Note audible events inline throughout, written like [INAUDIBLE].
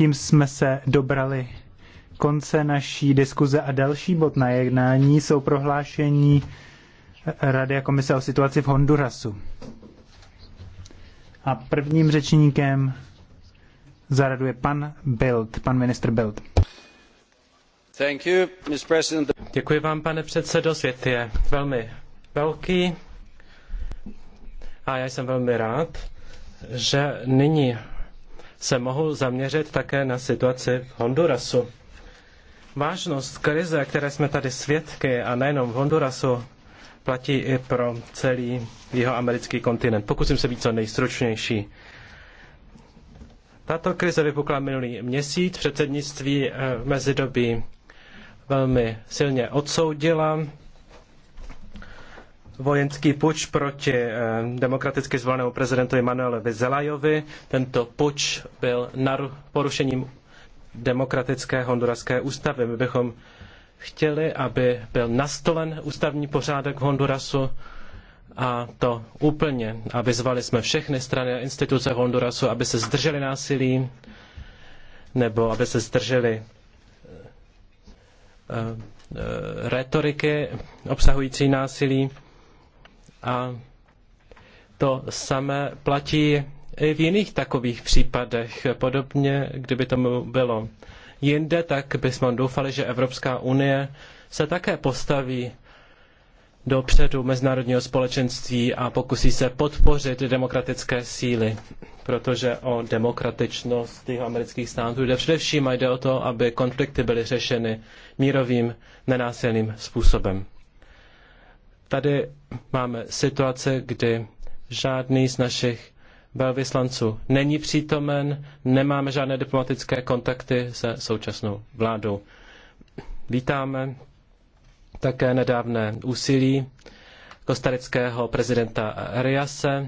Tím jsme se dobrali konce naší diskuze a další bod na jednání jsou prohlášení Rady a komise o situaci v Hondurasu. A prvním řečníkem zaraduje pan Bild, pan ministr Bild. Thank you, Děkuji vám, pane předsedo. Svět je velmi velký a já jsem velmi rád, že nyní se mohu zaměřit také na situaci v Hondurasu. Vážnost krize, které jsme tady svědky, a nejenom v Hondurasu, platí i pro celý jihoamerický kontinent. Pokusím se být co nejstručnější. Tato krize vypukla minulý měsíc, předsednictví eh, v mezidobí velmi silně odsoudila vojenský puč proti eh, demokraticky zvolenému prezidentovi Manuelovi Zelajovi. Tento puč byl porušením demokratické honduraské ústavy. My bychom chtěli, aby byl nastolen ústavní pořádek v Hondurasu a to úplně. A vyzvali jsme všechny strany a instituce Hondurasu, aby se zdrželi násilí nebo aby se zdrželi eh, eh, retoriky obsahující násilí a to samé platí i v jiných takových případech. Podobně, kdyby tomu bylo jinde, tak bychom doufali, že Evropská unie se také postaví dopředu mezinárodního společenství a pokusí se podpořit demokratické síly, protože o demokratičnost těch amerických států jde především a jde o to, aby konflikty byly řešeny mírovým, nenásilným způsobem. Tady máme situace, kdy žádný z našich velvyslanců není přítomen, nemáme žádné diplomatické kontakty se současnou vládou. Vítáme také nedávné úsilí kostarického prezidenta Riase.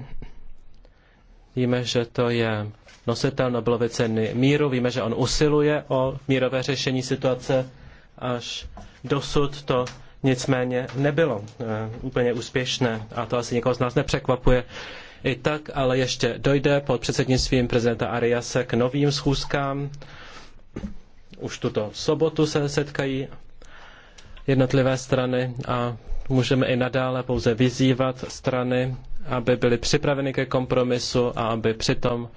Víme, že to je nositel Nobelovy ceny míru, víme, že on usiluje o mírové řešení situace. Až dosud to nicméně nebylo eh, úplně úspěšné a to asi někoho z nás nepřekvapuje. I tak ale ještě dojde pod předsednictvím prezidenta Ariase k novým schůzkám. Už tuto sobotu se setkají jednotlivé strany a můžeme i nadále pouze vyzývat strany, aby byly připraveny ke kompromisu a aby přitom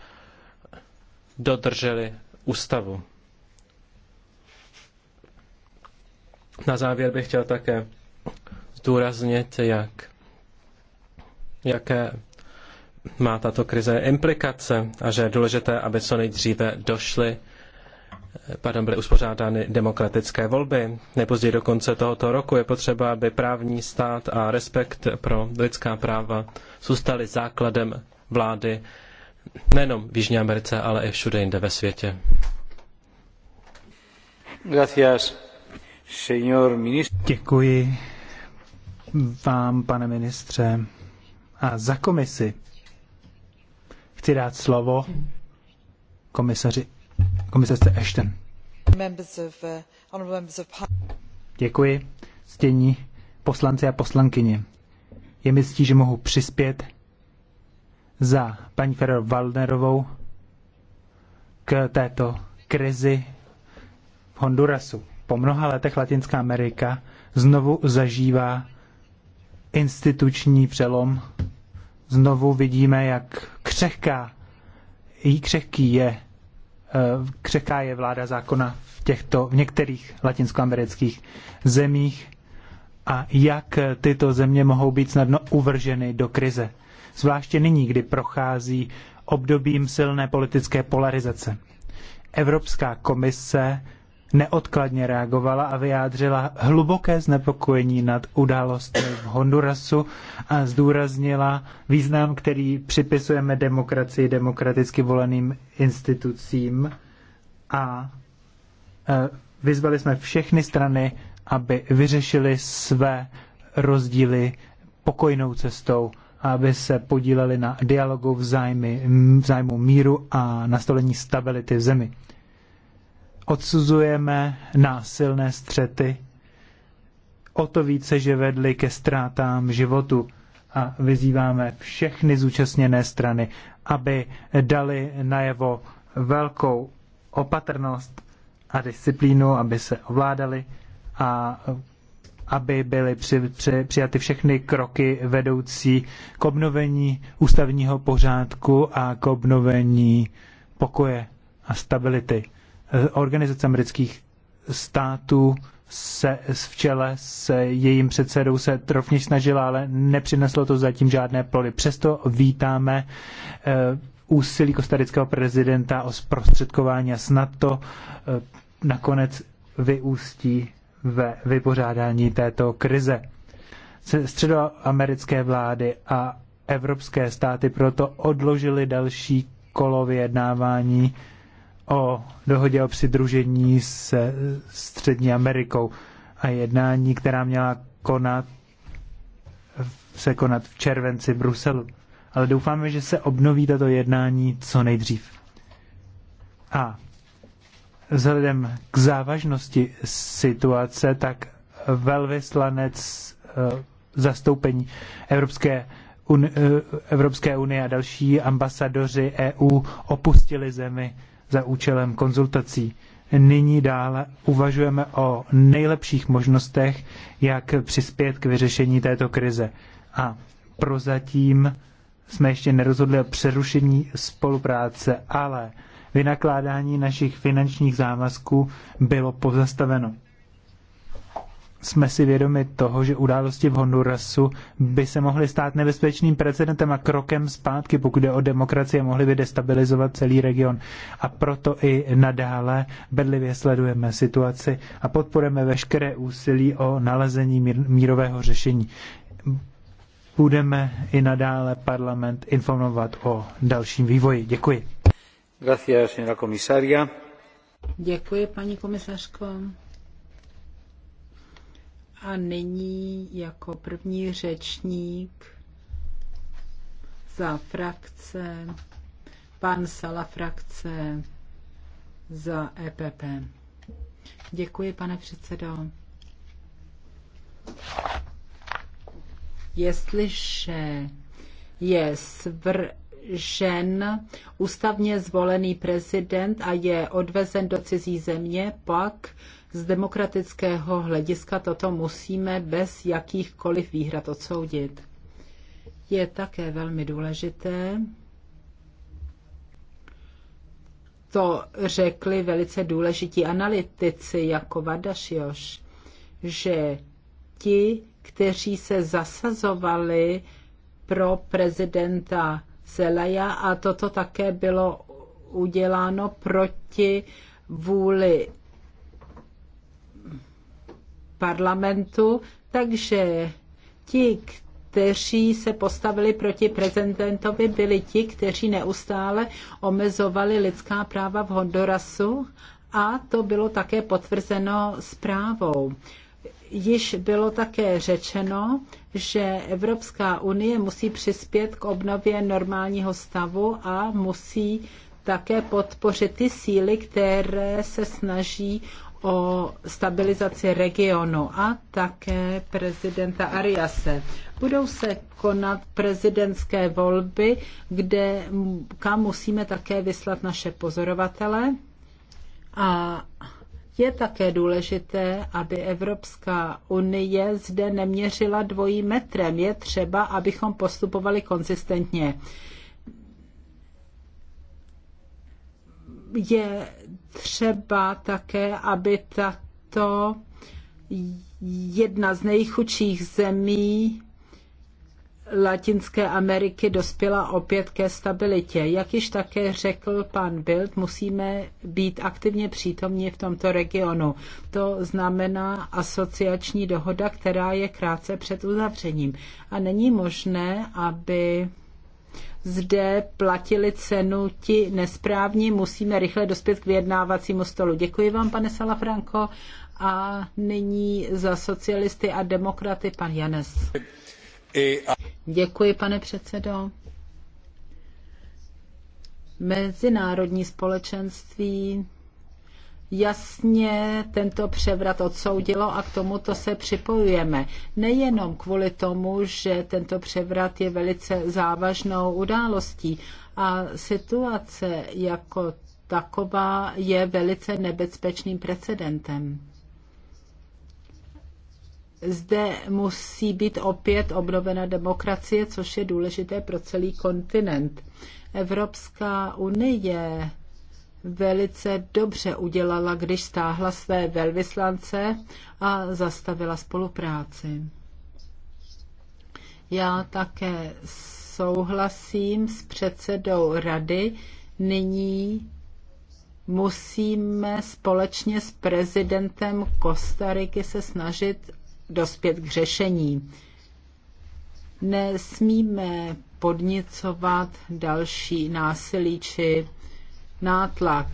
dodrželi ústavu. Na závěr bych chtěl také zdůraznit, jak, jaké má tato krize implikace a že je důležité, aby co nejdříve došly pardon, byly uspořádány demokratické volby. Nejpozději do konce tohoto roku je potřeba, aby právní stát a respekt pro lidská práva zůstaly základem vlády nejenom v Jižní Americe, ale i všude jinde ve světě. Gracias. Děkuji vám, pane ministře. A za komisi chci dát slovo komisaři, komisařce Ashton. Uh, Děkuji, stění poslanci a poslankyni. Je mi ctí, že mohu přispět za paní Ferrer Waldnerovou k této krizi v Hondurasu po mnoha letech Latinská Amerika znovu zažívá instituční přelom. Znovu vidíme, jak křehká, jí křehký je, eh, křehká je vláda zákona v, těchto, v některých latinskoamerických zemích a jak tyto země mohou být snadno uvrženy do krize. Zvláště nyní, kdy prochází obdobím silné politické polarizace. Evropská komise neodkladně reagovala a vyjádřila hluboké znepokojení nad událostmi v Hondurasu a zdůraznila význam, který připisujeme demokracii, demokraticky voleným institucím a e, vyzvali jsme všechny strany, aby vyřešili své rozdíly pokojnou cestou a aby se podíleli na dialogu v, zájmy, v zájmu míru a nastolení stability v zemi odsuzujeme násilné střety, o to více, že vedly ke ztrátám životu a vyzýváme všechny zúčastněné strany, aby dali najevo velkou opatrnost a disciplínu, aby se ovládali a aby byly při, při, přijaty všechny kroky vedoucí k obnovení ústavního pořádku a k obnovení pokoje a stability. Organizace amerických států se v čele s jejím předsedou se trofně snažila, ale nepřineslo to zatím žádné plody. Přesto vítáme eh, úsilí kostarického prezidenta o zprostředkování a snad to eh, nakonec vyústí ve vypořádání této krize. Středoamerické vlády a evropské státy proto odložili další kolo vyjednávání o dohodě o přidružení se Střední Amerikou a jednání, která měla konat, se konat v červenci v Bruselu. Ale doufáme, že se obnoví tato jednání co nejdřív. A vzhledem k závažnosti situace, tak velvyslanec eh, zastoupení Evropské, un, eh, Evropské unie a další ambasadoři EU opustili zemi za účelem konzultací. Nyní dále uvažujeme o nejlepších možnostech, jak přispět k vyřešení této krize. A prozatím jsme ještě nerozhodli o přerušení spolupráce, ale vynakládání našich finančních závazků bylo pozastaveno jsme si vědomi toho, že události v Hondurasu by se mohly stát nebezpečným precedentem a krokem zpátky, pokud jde o demokracii, mohly by destabilizovat celý region. A proto i nadále bedlivě sledujeme situaci a podporujeme veškeré úsilí o nalezení mír, mírového řešení. Budeme i nadále parlament informovat o dalším vývoji. Děkuji. Gracias, señora komisaria. Děkuji, paní komisařko. A nyní jako první řečník za frakce, pan Sala frakce za EPP. Děkuji, pane předsedo. Jestliže je svr žen ústavně zvolený prezident a je odvezen do cizí země, pak z demokratického hlediska toto musíme bez jakýchkoliv výhrad odsoudit. Je také velmi důležité, to řekli velice důležití analytici jako Vadašioš, že ti, kteří se zasazovali pro prezidenta Celaja a toto také bylo uděláno proti vůli parlamentu, takže ti, kteří se postavili proti prezidentovi, byli ti, kteří neustále omezovali lidská práva v Hondurasu a to bylo také potvrzeno zprávou již bylo také řečeno, že Evropská unie musí přispět k obnově normálního stavu a musí také podpořit ty síly, které se snaží o stabilizaci regionu a také prezidenta Ariase. Budou se konat prezidentské volby, kde, kam musíme také vyslat naše pozorovatele. A je také důležité, aby Evropská unie zde neměřila dvojím metrem. Je třeba, abychom postupovali konzistentně. Je třeba také, aby tato jedna z nejchudších zemí Latinské Ameriky dospěla opět ke stabilitě. Jak již také řekl pan Bild, musíme být aktivně přítomní v tomto regionu. To znamená asociační dohoda, která je krátce před uzavřením. A není možné, aby zde platili cenu ti nesprávní. Musíme rychle dospět k vyjednávacímu stolu. Děkuji vám, pane Salafranco. A nyní za socialisty a demokraty pan Janes. Děkuji, pane předsedo. Mezinárodní společenství jasně tento převrat odsoudilo a k tomuto se připojujeme. Nejenom kvůli tomu, že tento převrat je velice závažnou událostí a situace jako taková je velice nebezpečným precedentem zde musí být opět obnovena demokracie, což je důležité pro celý kontinent. Evropská unie velice dobře udělala, když stáhla své velvyslance a zastavila spolupráci. Já také souhlasím s předsedou rady. Nyní musíme společně s prezidentem Kostariky se snažit dospět k řešení. Nesmíme podněcovat další násilí či nátlak.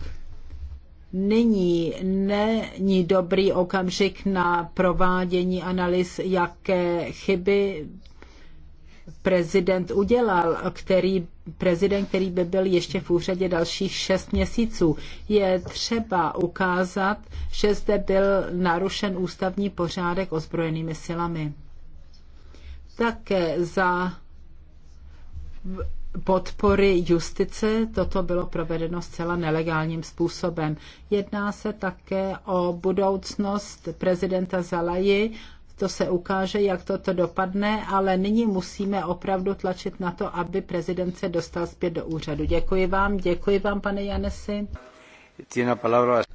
Nyní není dobrý okamžik na provádění analýz, jaké chyby prezident udělal, který prezident, který by byl ještě v úřadě dalších šest měsíců. Je třeba ukázat, že zde byl narušen ústavní pořádek ozbrojenými silami. Také za podpory justice toto bylo provedeno zcela nelegálním způsobem. Jedná se také o budoucnost prezidenta Zalaji to se ukáže, jak toto dopadne, ale nyní musíme opravdu tlačit na to, aby prezident se dostal zpět do úřadu. Děkuji vám, děkuji vám, pane Janesi.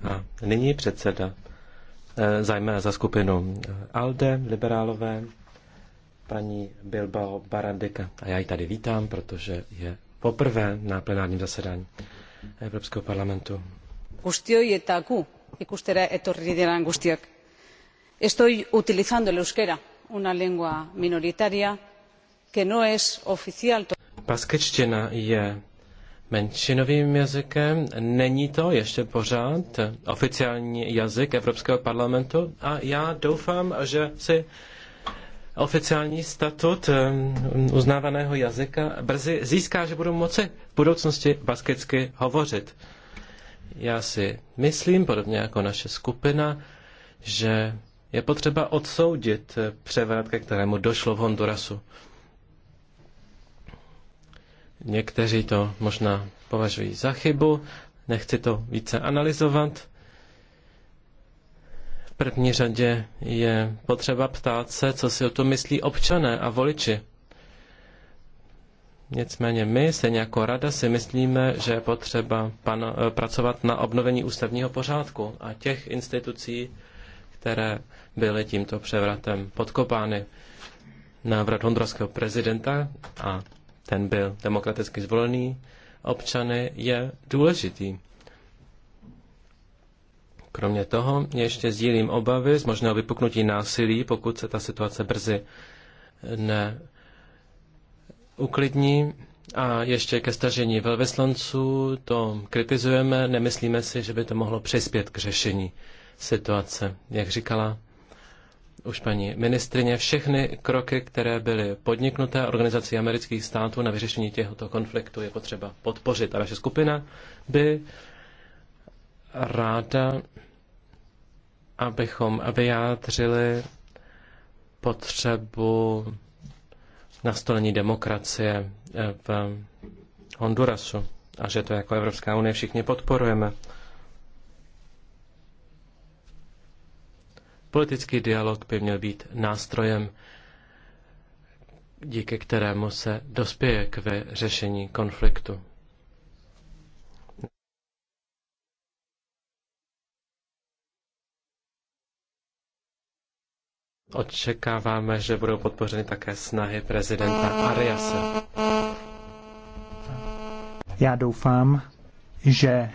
A nyní předseda eh, zajmé za skupinu eh, ALDE, liberálové, paní Bilbao Barandika. A já ji tady vítám, protože je poprvé na plenárním zasedání Evropského parlamentu. Guztioi eta gu ikustera etorri diren guztiak estoy utilizando el euskera una lengua minoritaria que no es oficial. Baskečtina je menšinovým jazykem, není to ještě pořád oficiální jazyk Evropského parlamentu a já doufám, že si oficiální statut eh, uznávaného jazyka brzy získá, že budou moci v budoucnosti basketsky hovořit. Já si myslím, podobně jako naše skupina, že je potřeba odsoudit převrat, ke kterému došlo v Hondurasu. Někteří to možná považují za chybu, nechci to více analyzovat. V první řadě je potřeba ptát se, co si o to myslí občané a voliči. Nicméně my, se jako rada, si myslíme, že je potřeba pan, pracovat na obnovení ústavního pořádku a těch institucí, které byly tímto převratem podkopány. Návrat honduraského prezidenta a ten byl demokraticky zvolený občany je důležitý. Kromě toho ještě sdílím obavy z možného vypuknutí násilí, pokud se ta situace brzy neuklidní. A ještě ke stažení velvyslanců to kritizujeme, nemyslíme si, že by to mohlo přispět k řešení situace. Jak říkala už paní ministrině, všechny kroky, které byly podniknuté organizací amerických států na vyřešení těchto konfliktu, je potřeba podpořit. A naše skupina by ráda, abychom vyjádřili potřebu nastolení demokracie eh, v Hondurasu a že to jako Evropská unie všichni podporujeme. Politický dialog by měl být nástrojem, díky kterému se dospěje k vyřešení konfliktu. Očekáváme, že budou podpořeny také snahy prezidenta Ariase. Já doufám, že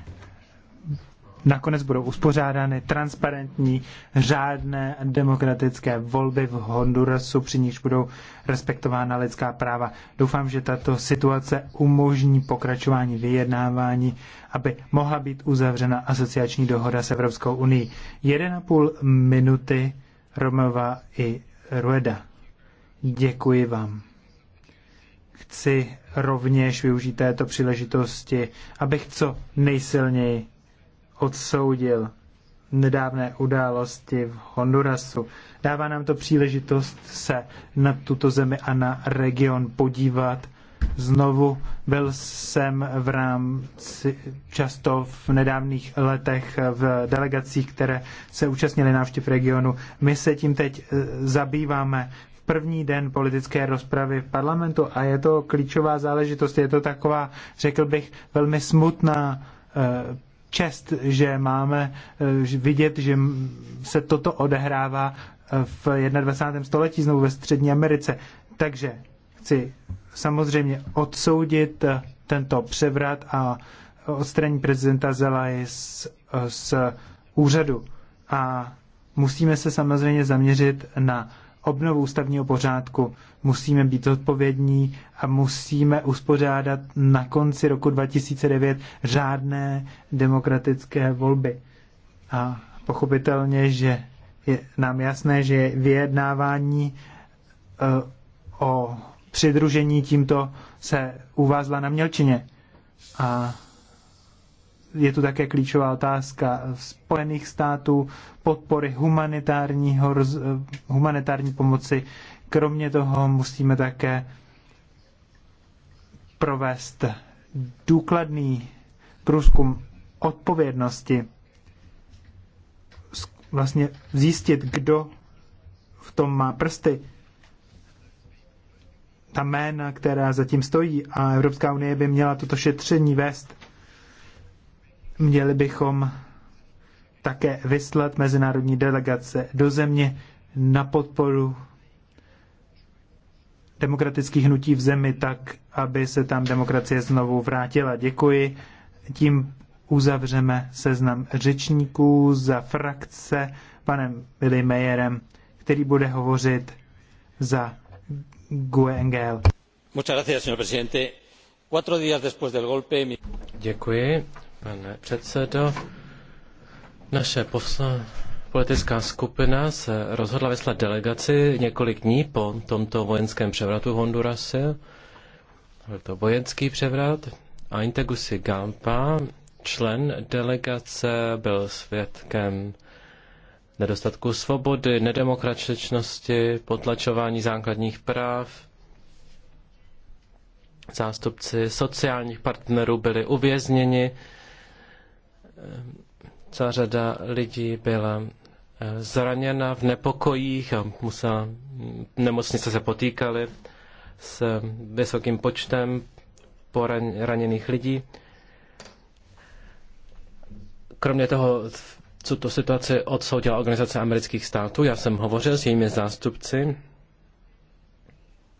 nakonec budou uspořádány transparentní, řádné demokratické volby v Hondurasu, při níž budou respektována lidská práva. Doufám, že tato situace umožní pokračování vyjednávání, aby mohla být uzavřena asociační dohoda s Evropskou unii. 1,5 minuty Romova i Rueda. Děkuji vám chci rovněž využít této příležitosti, abych co nejsilněji odsoudil nedávné události v Hondurasu. Dává nám to příležitost se na tuto zemi a na region podívat znovu. Byl jsem v rámci často v nedávných letech v delegacích, které se účastnily návštěv regionu. My se tím teď e, zabýváme v první den politické rozpravy v parlamentu a je to klíčová záležitost. Je to taková, řekl bych, velmi smutná e, čest, že máme eh, vidět, že se toto odehrává eh, v 21. století, znovu ve Střední Americe. Takže chci samozřejmě odsoudit eh, tento převrat a odstranit prezidenta Zelaje z, z úřadu. A musíme se samozřejmě zaměřit na obnovu ústavního pořádku. Musíme být odpovědní a musíme uspořádat na konci roku 2009 řádné demokratické volby. A pochopitelně, že je nám jasné, že vyjednávání eh, o přidružení tímto se uvázla na mělčině. A je tu také klíčová otázka Spojených států, podpory humanitárního, humanitární pomoci. Kromě toho musíme také provést důkladný průzkum odpovědnosti, vlastně zjistit, kdo v tom má prsty, ta jména, která zatím stojí a Evropská unie by měla toto šetření vést Měli bychom také vyslat mezinárodní delegace do země na podporu demokratických hnutí v zemi tak, aby se tam demokracie znovu vrátila. Děkuji. Tím uzavřeme seznam řečníků za frakce panem Billy Mayerem, který bude hovořit za GUE Děkuji pane předsedo. Naše posla, politická skupina se rozhodla vyslat delegaci několik dní po tomto vojenském převratu v Hondurase. Byl to vojenský převrat. A Integusi Gampa, člen delegace, byl svědkem nedostatku svobody, nedemokratičnosti, potlačování základních práv. Zástupci sociálních partnerů byli uvězněni celá řada lidí byla eh, zraněna v nepokojích a musela, nemocnice se potýkaly s eh, vysokým počtem poraněných lidí. Kromě toho, co tu situaci odsoudila Organizace amerických států, já jsem hovořil s jejími zástupci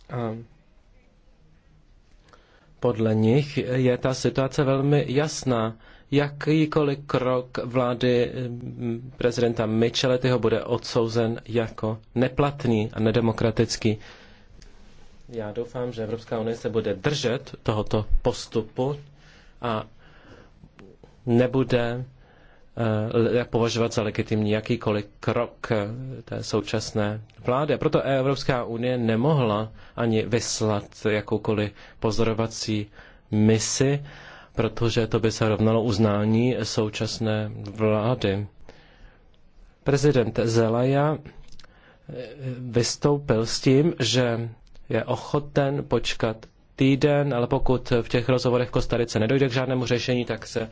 a podle nich je ta situace velmi jasná jakýkoliv krok vlády eh, prezidenta Micheletyho bude odsouzen jako neplatný a nedemokratický. Já doufám, že Evropská unie se bude držet tohoto postupu a nebude eh, považovat za legitimní jakýkoliv krok eh, té současné vlády. A proto Evropská unie nemohla ani vyslat jakoukoliv pozorovací misi protože to by se rovnalo uznání současné vlády. Prezident Zelaja eh, vystoupil s tím, že je ochoten počkat týden, ale pokud v těch rozhovorech v Kostarice nedojde k žádnému řešení, tak se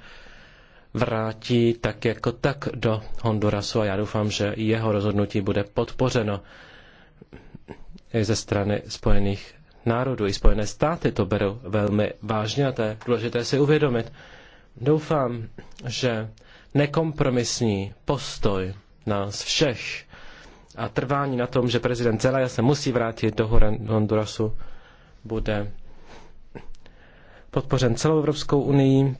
vrátí tak jako tak do Hondurasu a já doufám, že jeho rozhodnutí bude podpořeno i ze strany Spojených národů. I Spojené státy to berou velmi vážně a to je důležité si uvědomit. Doufám, že nekompromisní postoj nás všech a trvání na tom, že prezident Zelaya se musí vrátit do Hondurasu, bude podpořen celou Evropskou unii.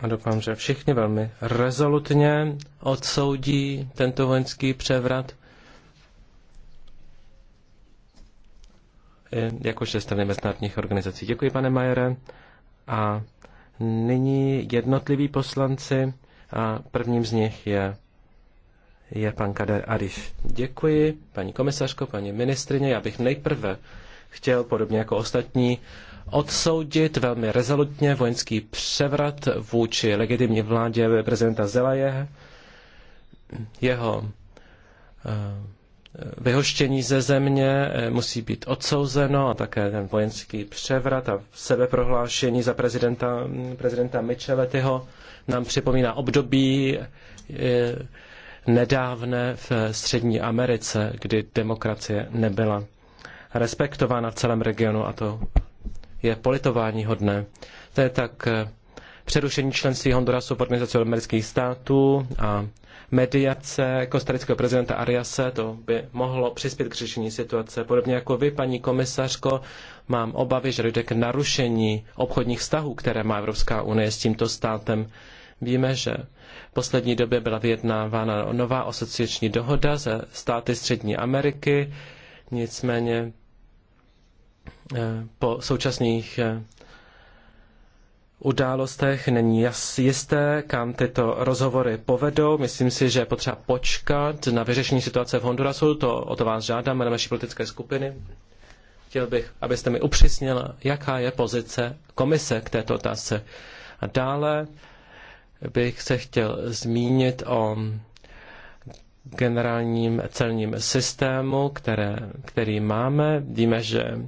A doufám, že všichni velmi rezolutně odsoudí tento vojenský převrat Eh, jakož ze strany mezinárodních organizací. Děkuji, pane Majere. A nyní jednotliví poslanci a prvním z nich je, je pan Kader Ariš. Děkuji, paní komisařko, paní ministrině. Já bych nejprve chtěl, podobně jako ostatní, odsoudit velmi rezolutně vojenský převrat vůči legitimní vládě prezidenta Zelaje. Jeho uh, vyhoštění ze země eh, musí být odsouzeno a také ten vojenský převrat a sebeprohlášení za prezidenta, mm, prezidenta Micheletyho nám připomíná období eh, nedávné v Střední Americe, kdy demokracie nebyla respektována v celém regionu a to je politování hodné. To je tak eh, přerušení členství Hondurasu v Organizaci amerických států a mediace kostarického prezidenta Ariase, to by mohlo přispět k řešení situace. Podobně jako vy, paní komisařko, mám obavy, že dojde k narušení obchodních vztahů, které má Evropská unie s tímto státem. Víme, že v poslední době byla vyjednávána nová asociační dohoda ze státy Střední Ameriky, nicméně eh, po současných eh, událostech. Není jas, jisté, kam tyto rozhovory povedou. Myslím si, že je potřeba počkat na vyřešení situace v Hondurasu. To o to vás žádám jménem naší politické skupiny. Chtěl bych, abyste mi upřesnil, jaká je pozice komise k této otázce. A dále bych se chtěl zmínit o generálním celním systému, které, který máme. Víme, že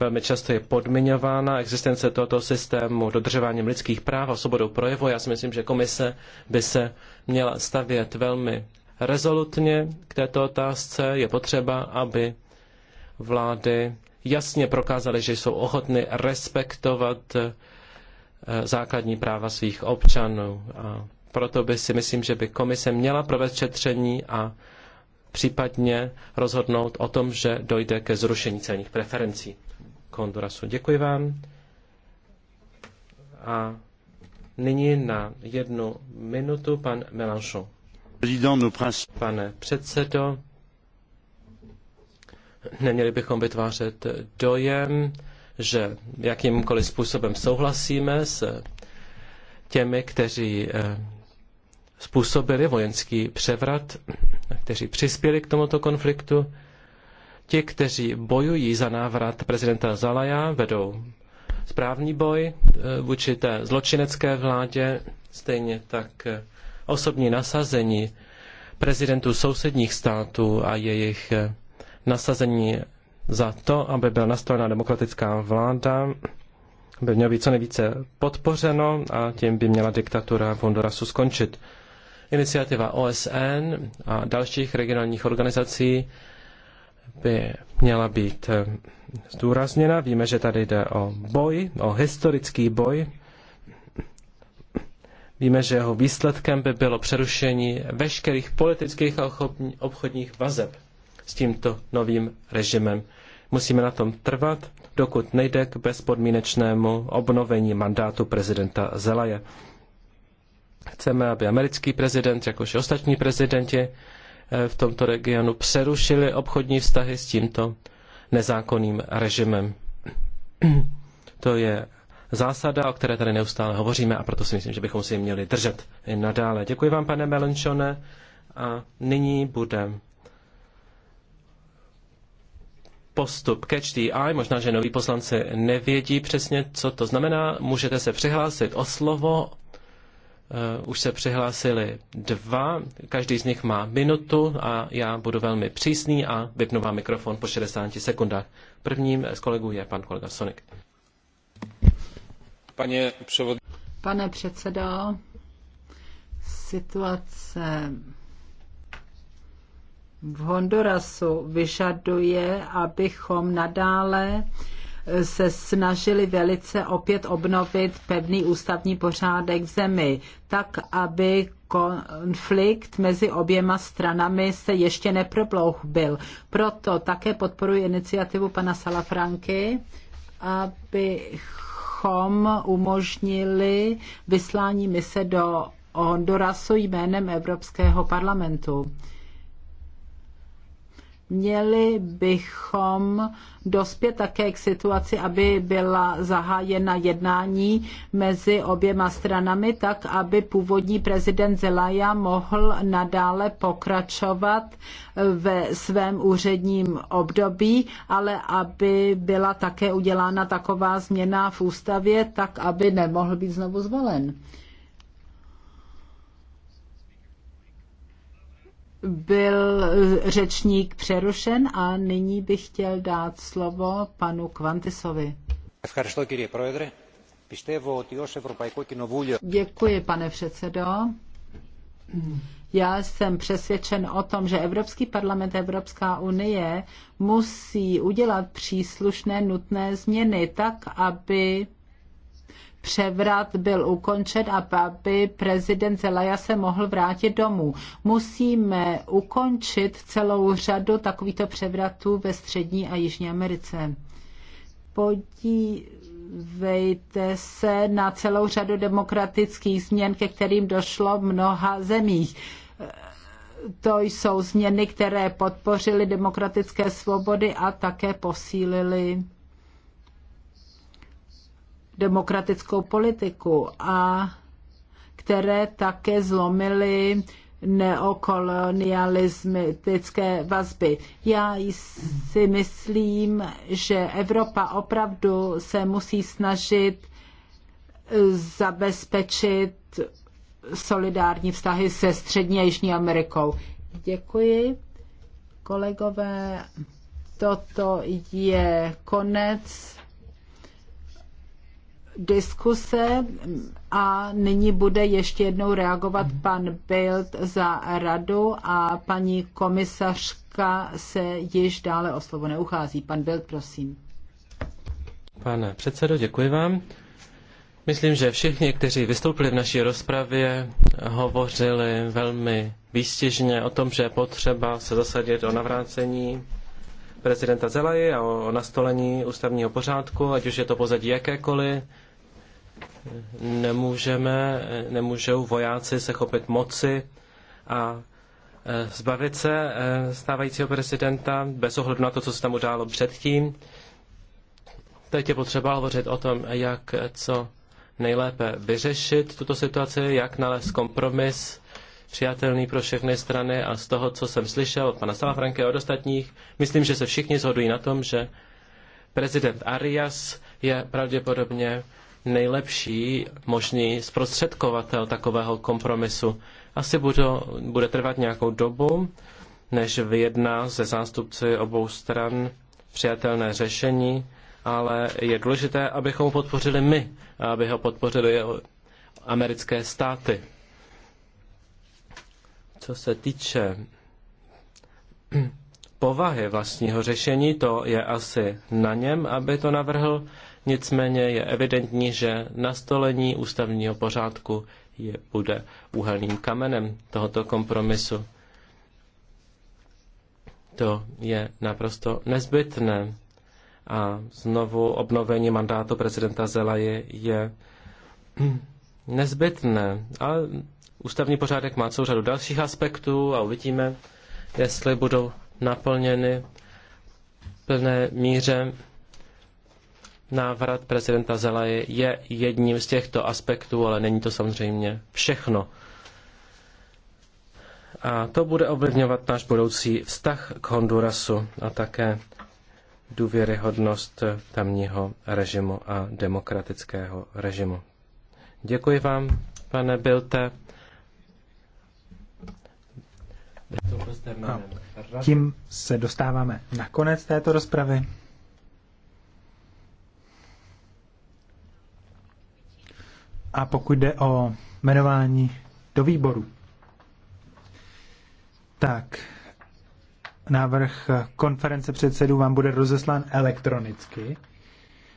Velmi často je podmiňována existence tohoto systému dodržováním lidských práv a svobodou projevu. Já si myslím, že komise by se měla stavět velmi rezolutně k této otázce. Je potřeba, aby vlády jasně prokázaly, že jsou ochotny respektovat eh, základní práva svých občanů. A proto by si myslím, že by komise měla provést šetření a případně rozhodnout o tom, že dojde ke zrušení celních preferencí. Kondorasu. Děkuji vám. A nyní na jednu minutu pan Melanchon. Pane předsedo, neměli bychom vytvářet dojem, že jakýmkoliv způsobem souhlasíme s těmi, kteří eh, způsobili vojenský převrat, kteří přispěli k tomuto konfliktu. Ti, kteří bojují za návrat prezidenta Zalaja, vedou správný boj eh, vůči té zločinecké vládě, stejně tak eh, osobní nasazení prezidentů sousedních států a jejich eh, nasazení za to, aby byla nastavena demokratická vláda, by mělo být co nejvíce podpořeno a tím by měla diktatura v Hondurasu skončit. Iniciativa OSN a dalších regionálních organizací by měla být eh, zdůrazněna. Víme, že tady jde o boj, o historický boj. Víme, že jeho výsledkem by bylo přerušení veškerých politických a obchodních vazeb s tímto novým režimem. Musíme na tom trvat, dokud nejde k bezpodmínečnému obnovení mandátu prezidenta Zelaje. Chceme, aby americký prezident, jakož i ostatní prezidenti, Eh, v tomto regionu přerušili obchodní vztahy s tímto nezákonným režimem. [CLEARS THROAT] To je zásada, o které tady neustále hovoříme a proto si myslím, že bychom si ji měli držet i nadále. Děkuji vám, pane Melenčone, a nyní bude postup Catch the Eye. Možná, že noví poslanci nevědí přesně, co to znamená. Můžete se přihlásit o slovo Eh, už se přihlásili dva, každý z nich má minutu a já budu velmi přísný a vypnu vám mikrofon po 60 sekundách. Prvním z kolegů je pan kolega Sonik. Pane, převod... Pane předsedo, situace v Hondurasu vyžaduje, abychom nadále se snažili velice opět obnovit pevný ústavní pořádek v zemi, tak aby konflikt mezi oběma stranami se ještě neproploubil. Proto také podporuji iniciativu pana Salafranky, abychom umožnili vyslání mise do Hondurasu jménem Evropského parlamentu měli bychom dospět také k situaci, aby byla zahájena jednání mezi oběma stranami, tak aby původní prezident Zelaja mohl nadále pokračovat ve svém úředním období, ale aby byla také udělána taková změna v ústavě, tak aby nemohl být znovu zvolen. byl eh, řečník přerušen a nyní bych chtěl dát slovo panu Kvantisovi. Děkuji, pane předsedo. Já jsem přesvědčen o tom, že Evropský parlament a Evropská unie musí udělat příslušné nutné změny tak, aby převrat byl ukončen a aby prezident Zelaja se mohl vrátit domů. Musíme ukončit celou řadu takovýchto převratů ve Střední a Jižní Americe. Podí podívejte se na celou řadu demokratických změn, ke kterým došlo v mnoha zemích. To jsou změny, které podpořily demokratické svobody a také posílily demokratickou politiku a které také zlomily neokolonialistické vazby. Já si myslím, že Evropa opravdu se musí snažit zabezpečit solidární vztahy se Střední a Jižní Amerikou. Děkuji, kolegové. Toto je konec diskuse a nyní bude ještě jednou reagovat pan Bild za radu a paní komisařka se již dále o slovo neuchází. Pan Bild, prosím. Pane předsedo, děkuji vám. Myslím, že všichni, kteří vystoupili v naší rozpravě, hovořili velmi výstěžně o tom, že je potřeba se zasadit o navrácení prezidenta Zelaje a o nastolení ústavního pořádku, ať už je to pozadí jakékoliv, nemůžeme, nemůžou vojáci se chopit moci a e, zbavit se e, stávajícího prezidenta bez ohledu na to, co se tam událo předtím. Teď je potřeba hovořit o tom, jak co nejlépe vyřešit tuto situaci, jak nalézt kompromis přijatelný pro všechny strany a z toho, co jsem slyšel od pana Salafranke a od ostatních, myslím, že se všichni shodují na tom, že prezident Arias je pravděpodobně nejlepší možný zprostředkovatel takového kompromisu. Asi bude, bude trvat nějakou dobu, než vyjedná se zástupci obou stran přijatelné řešení, ale je důležité, abychom ho podpořili my, aby ho podpořili americké státy. Co se týče povahy vlastního řešení, to je asi na něm, aby to navrhl. Nicméně je evidentní, že nastolení ústavního pořádku je, bude úhelným kamenem tohoto kompromisu. To je naprosto nezbytné. A znovu obnovení mandátu prezidenta Zelaje je [CLEARS THROAT] nezbytné. A ústavní pořádek má celou řadu dalších aspektů a uvidíme, jestli budou naplněny v plné míře. Návrat prezidenta Zelaje je jedním z těchto aspektů, ale není to samozřejmě všechno. A to bude ovlivňovat náš budoucí vztah k Hondurasu a také důvěryhodnost tamního režimu a demokratického režimu. Děkuji vám, pane Bilte. A tím se dostáváme na konec této rozpravy. A pokud jde o jmenování do výboru, tak návrh konference předsedů vám bude rozeslán elektronicky.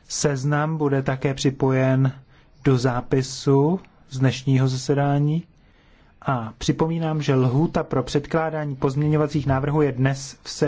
Seznam bude také připojen do zápisu z dnešního zasedání a připomínám, že lhůta pro předkládání pozměňovacích návrhů je dnes v